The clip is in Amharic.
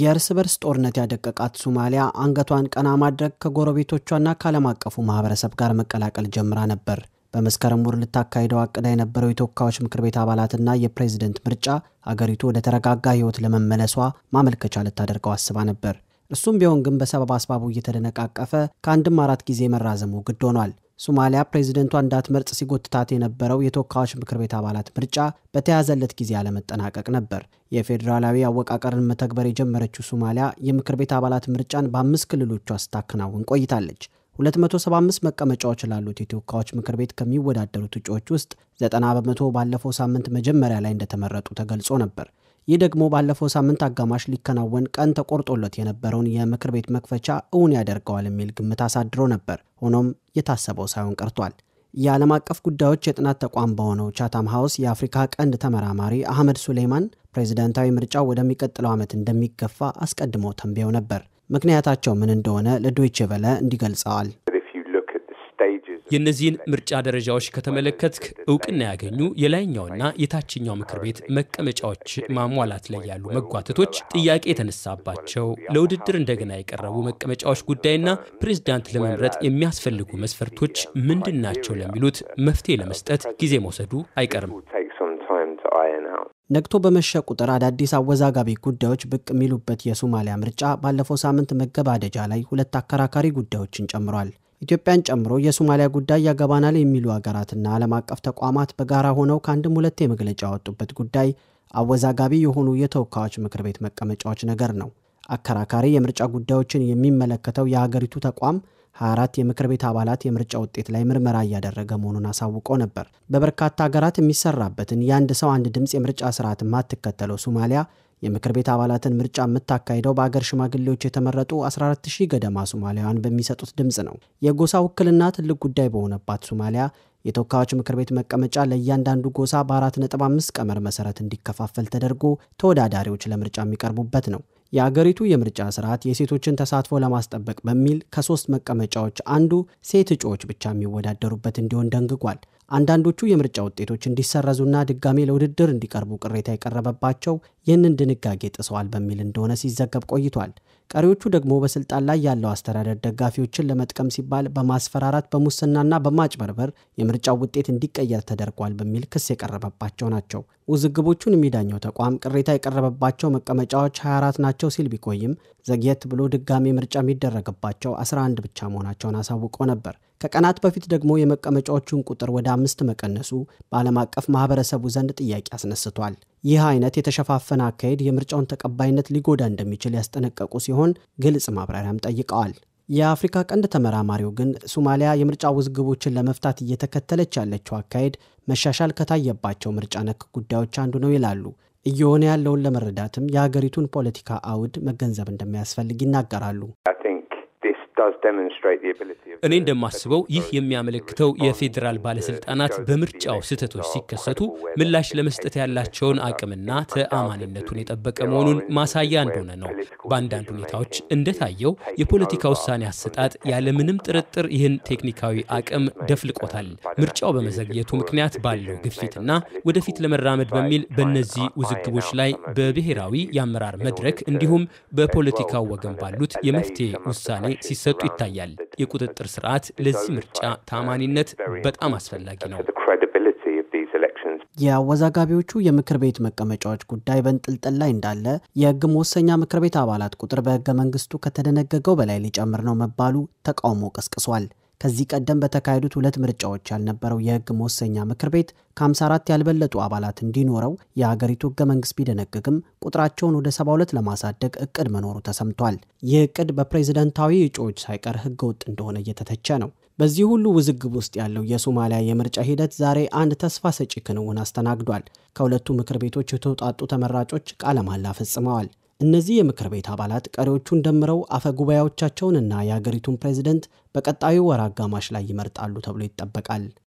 የእርስ በርስ ጦርነት ያደቀቃት ሶማሊያ አንገቷን ቀና ማድረግ ከጎረቤቶቿና ከዓለም አቀፉ ማህበረሰብ ጋር መቀላቀል ጀምራ ነበር። በመስከረም ወር ልታካሄደው አቅዳ የነበረው የተወካዮች ምክር ቤት አባላትና የፕሬዝደንት ምርጫ አገሪቱ ወደ ተረጋጋ ህይወት ለመመለሷ ማመልከቻ ልታደርገው አስባ ነበር። እሱም ቢሆን ግን በሰበብ አስባቡ እየተደነቃቀፈ ከአንድም አራት ጊዜ መራዘሙ ግድ ሆኗል። ሶማሊያ ፕሬዚደንቷ እንዳትመርጥ ሲጎትታት የነበረው የተወካዮች ምክር ቤት አባላት ምርጫ በተያዘለት ጊዜ አለመጠናቀቅ ነበር። የፌዴራላዊ አወቃቀርን መተግበር የጀመረችው ሶማሊያ የምክር ቤት አባላት ምርጫን በአምስት ክልሎቿ ስታከናውን ቆይታለች። 275 መቀመጫዎች ላሉት የተወካዮች ምክር ቤት ከሚወዳደሩት እጩዎች ውስጥ 90 በመቶ ባለፈው ሳምንት መጀመሪያ ላይ እንደተመረጡ ተገልጾ ነበር። ይህ ደግሞ ባለፈው ሳምንት አጋማሽ ሊከናወን ቀን ተቆርጦለት የነበረውን የምክር ቤት መክፈቻ እውን ያደርገዋል የሚል ግምት አሳድሮ ነበር። ሆኖም የታሰበው ሳይሆን ቀርቷል። የዓለም አቀፍ ጉዳዮች የጥናት ተቋም በሆነው ቻታም ሀውስ የአፍሪካ ቀንድ ተመራማሪ አህመድ ሱሌይማን ፕሬዚዳንታዊ ምርጫው ወደሚቀጥለው ዓመት እንደሚገፋ አስቀድመው ተንብየው ነበር። ምክንያታቸው ምን እንደሆነ ለዶይቼ ቬለ እንዲገልጸዋል። የእነዚህን ምርጫ ደረጃዎች ከተመለከትክ እውቅና ያገኙ የላይኛውና የታችኛው ምክር ቤት መቀመጫዎች ማሟላት ላይ ያሉ መጓተቶች ጥያቄ የተነሳባቸው ለውድድር እንደገና የቀረቡ መቀመጫዎች ጉዳይና ፕሬዝዳንት ለመምረጥ የሚያስፈልጉ መስፈርቶች ምንድን ናቸው ለሚሉት መፍትሄ ለመስጠት ጊዜ መውሰዱ አይቀርም። ነግቶ በመሸ ቁጥር አዳዲስ አወዛጋቢ ጉዳዮች ብቅ የሚሉበት የሶማሊያ ምርጫ ባለፈው ሳምንት መገባደጃ ላይ ሁለት አከራካሪ ጉዳዮችን ጨምሯል። ኢትዮጵያን ጨምሮ የሶማሊያ ጉዳይ ያገባናል የሚሉ ሀገራትና ዓለም አቀፍ ተቋማት በጋራ ሆነው ከአንድም ሁለት መግለጫ ያወጡበት ጉዳይ አወዛጋቢ የሆኑ የተወካዮች ምክር ቤት መቀመጫዎች ነገር ነው። አከራካሪ የምርጫ ጉዳዮችን የሚመለከተው የሀገሪቱ ተቋም 24 የምክር ቤት አባላት የምርጫ ውጤት ላይ ምርመራ እያደረገ መሆኑን አሳውቆ ነበር። በበርካታ ሀገራት የሚሰራበትን የአንድ ሰው አንድ ድምፅ የምርጫ ስርዓት የማትከተለው ሶማሊያ የምክር ቤት አባላትን ምርጫ የምታካሂደው በአገር ሽማግሌዎች የተመረጡ 140 ገደማ ሶማሊያውያን በሚሰጡት ድምፅ ነው። የጎሳ ውክልና ትልቅ ጉዳይ በሆነባት ሶማሊያ የተወካዮች ምክር ቤት መቀመጫ ለእያንዳንዱ ጎሳ በ4.5 ቀመር መሰረት እንዲከፋፈል ተደርጎ ተወዳዳሪዎች ለምርጫ የሚቀርቡበት ነው። የአገሪቱ የምርጫ ስርዓት የሴቶችን ተሳትፎ ለማስጠበቅ በሚል ከሶስት መቀመጫዎች አንዱ ሴት እጩዎች ብቻ የሚወዳደሩበት እንዲሆን ደንግጓል። አንዳንዶቹ የምርጫ ውጤቶች እንዲሰረዙና ድጋሜ ለውድድር እንዲቀርቡ ቅሬታ የቀረበባቸው ይህንን ድንጋጌ ጥሰዋል በሚል እንደሆነ ሲዘገብ ቆይቷል። ቀሪዎቹ ደግሞ በስልጣን ላይ ያለው አስተዳደር ደጋፊዎችን ለመጥቀም ሲባል በማስፈራራት በሙስናና በማጭበርበር የምርጫው ውጤት እንዲቀየር ተደርጓል በሚል ክስ የቀረበባቸው ናቸው። ውዝግቦቹን የሚዳኘው ተቋም ቅሬታ የቀረበባቸው መቀመጫዎች 24 ናቸው ሲል ቢቆይም ዘግየት ብሎ ድጋሚ ምርጫ የሚደረግባቸው 11 ብቻ መሆናቸውን አሳውቆ ነበር። ከቀናት በፊት ደግሞ የመቀመጫዎቹን ቁጥር ወደ አምስት መቀነሱ በዓለም አቀፍ ማህበረሰቡ ዘንድ ጥያቄ አስነስቷል። ይህ አይነት የተሸፋፈነ አካሄድ የምርጫውን ተቀባይነት ሊጎዳ እንደሚችል ያስጠነቀቁ ሲሆን ግልጽ ማብራሪያም ጠይቀዋል። የአፍሪካ ቀንድ ተመራማሪው ግን ሶማሊያ የምርጫ ውዝግቦችን ለመፍታት እየተከተለች ያለችው አካሄድ መሻሻል ከታየባቸው ምርጫ ነክ ጉዳዮች አንዱ ነው ይላሉ። እየሆነ ያለውን ለመረዳትም የሀገሪቱን ፖለቲካ አውድ መገንዘብ እንደሚያስፈልግ ይናገራሉ። እኔ እንደማስበው ይህ የሚያመለክተው የፌዴራል ባለስልጣናት በምርጫው ስህተቶች ሲከሰቱ ምላሽ ለመስጠት ያላቸውን አቅምና ተአማኒነቱን የጠበቀ መሆኑን ማሳያ እንደሆነ ነው። በአንዳንድ ሁኔታዎች እንደታየው የፖለቲካ ውሳኔ አሰጣጥ ያለምንም ጥርጥር ይህን ቴክኒካዊ አቅም ደፍልቆታል። ምርጫው በመዘግየቱ ምክንያት ባለው ግፊትና ወደፊት ለመራመድ በሚል በእነዚህ ውዝግቦች ላይ በብሔራዊ የአመራር መድረክ እንዲሁም በፖለቲካው ወገን ባሉት የመፍትሄ ውሳኔ ሲሰ ሲሰጡ ይታያል። የቁጥጥር ስርዓት ለዚህ ምርጫ ታማኒነት በጣም አስፈላጊ ነው። የአወዛጋቢዎቹ የምክር ቤት መቀመጫዎች ጉዳይ በንጥልጥል ላይ እንዳለ የህግ መወሰኛ ምክር ቤት አባላት ቁጥር በህገ መንግስቱ ከተደነገገው በላይ ሊጨምር ነው መባሉ ተቃውሞ ቀስቅሷል። ከዚህ ቀደም በተካሄዱት ሁለት ምርጫዎች ያልነበረው የህግ መወሰኛ ምክር ቤት ከ54 ያልበለጡ አባላት እንዲኖረው የሀገሪቱ ህገ መንግስት ቢደነግግም ቁጥራቸውን ወደ 72 ለማሳደግ እቅድ መኖሩ ተሰምቷል። ይህ እቅድ በፕሬዝደንታዊ እጩዎች ሳይቀር ህገ ወጥ እንደሆነ እየተተቸ ነው። በዚህ ሁሉ ውዝግብ ውስጥ ያለው የሶማሊያ የምርጫ ሂደት ዛሬ አንድ ተስፋ ሰጪ ክንውን አስተናግዷል። ከሁለቱ ምክር ቤቶች የተውጣጡ ተመራጮች ቃለ መሃላ ፈጽመዋል። እነዚህ የምክር ቤት አባላት ቀሪዎቹን ደምረው አፈ ጉባኤዎቻቸውንና የአገሪቱን ፕሬዝደንት በቀጣዩ ወር አጋማሽ ላይ ይመርጣሉ ተብሎ ይጠበቃል።